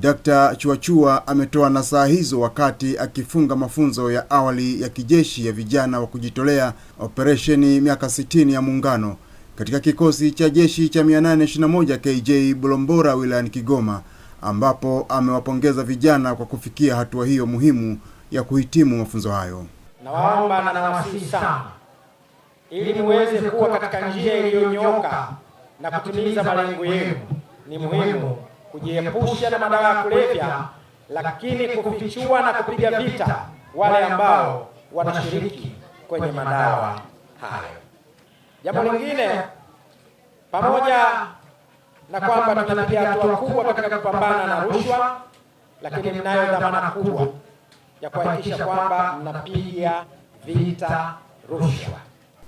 Dkt. Chuachua ametoa nasaha hizo wakati akifunga mafunzo ya awali ya kijeshi ya vijana wa kujitolea operesheni miaka 60 ya muungano katika kikosi cha jeshi cha 821 KJ Bulombora wilayani Kigoma, ambapo amewapongeza vijana kwa kufikia hatua hiyo muhimu ya kuhitimu mafunzo hayo. Nawaomba na nawasihi sana ili muweze kuwa katika njia iliyonyoka na kutimiza malengo yenu, ni muhimu kujiepusha na madawa ya kulevya, lakini kufichua na kupiga vita wale ambao wanashiriki kwenye madawa hayo. Jambo lingine, pamoja na kwamba tunapiga hatua kubwa katika kupambana na rushwa, lakini mnayo dhamana kubwa ya kuhakikisha kwamba mnapiga vita rushwa.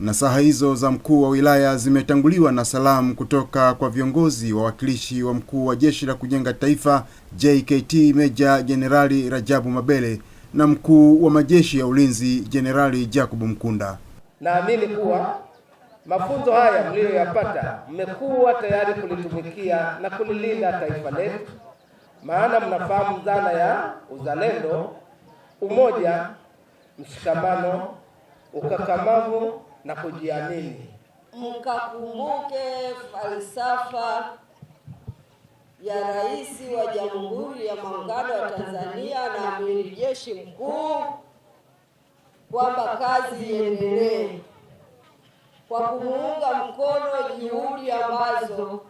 Nasaha hizo za mkuu wa wilaya zimetanguliwa na salamu kutoka kwa viongozi wa wakilishi wa mkuu wa Jeshi la Kujenga Taifa JKT Meja Jenerali Rajabu Mabele na mkuu wa majeshi ya ulinzi Jenerali Jacob Mkunda. Naamini kuwa mafunzo haya mliyoyapata mmekuwa tayari kulitumikia na kulilinda taifa letu, maana mnafahamu dhana ya uzalendo, umoja, mshikamano, ukakamavu na kujiamini, mkakumbuke falsafa ya Rais wa Jamhuri ya Muungano wa Tanzania na Amiri Jeshi Mkuu kwamba kazi iendelee, kwa kumuunga mkono juhudi ambazo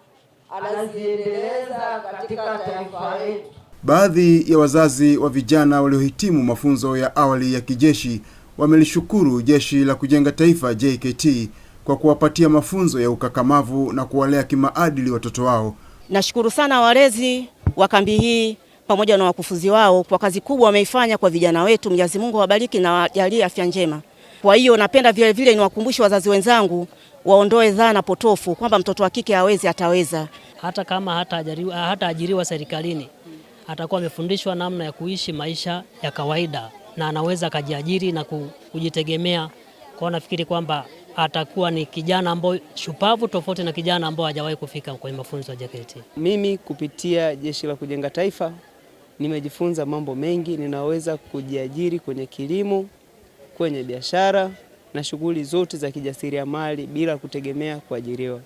anaziendeleza katika taifa letu. Baadhi ya wazazi wa vijana waliohitimu mafunzo ya awali ya kijeshi wamelishukuru Jeshi la Kujenga Taifa JKT kwa kuwapatia mafunzo ya ukakamavu na kuwalea kimaadili watoto wao. Nashukuru sana walezi wa kambi hii pamoja na wakufuzi wao kwa kazi kubwa wameifanya kwa vijana wetu. Mwenyezi Mungu wabariki na wajalie afya njema. Kwa hiyo napenda vile vile niwakumbushe wazazi wenzangu waondoe dhana potofu kwamba mtoto wa kike hawezi, ataweza. Hata kama hataajiriwa hata serikalini, atakuwa amefundishwa namna ya kuishi maisha ya kawaida na anaweza akajiajiri na kujitegemea. Kwao nafikiri kwamba atakuwa ni kijana ambaye shupavu tofauti na kijana ambaye hajawahi kufika kwenye mafunzo ya JKT. Mimi kupitia Jeshi la Kujenga Taifa nimejifunza mambo mengi, ninaweza kujiajiri kwenye kilimo, kwenye biashara na shughuli zote za kijasiriamali bila kutegemea kuajiriwa.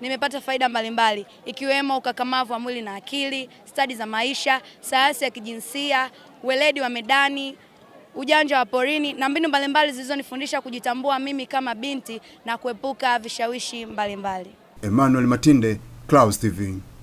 Nimepata faida mbalimbali ikiwemo ukakamavu wa mwili na akili, stadi za maisha, sayansi ya kijinsia, weledi wa medani ujanja wa porini na mbinu mbalimbali zilizonifundisha kujitambua mimi kama binti na kuepuka vishawishi mbalimbali Emmanuel Matinde, Clouds TV.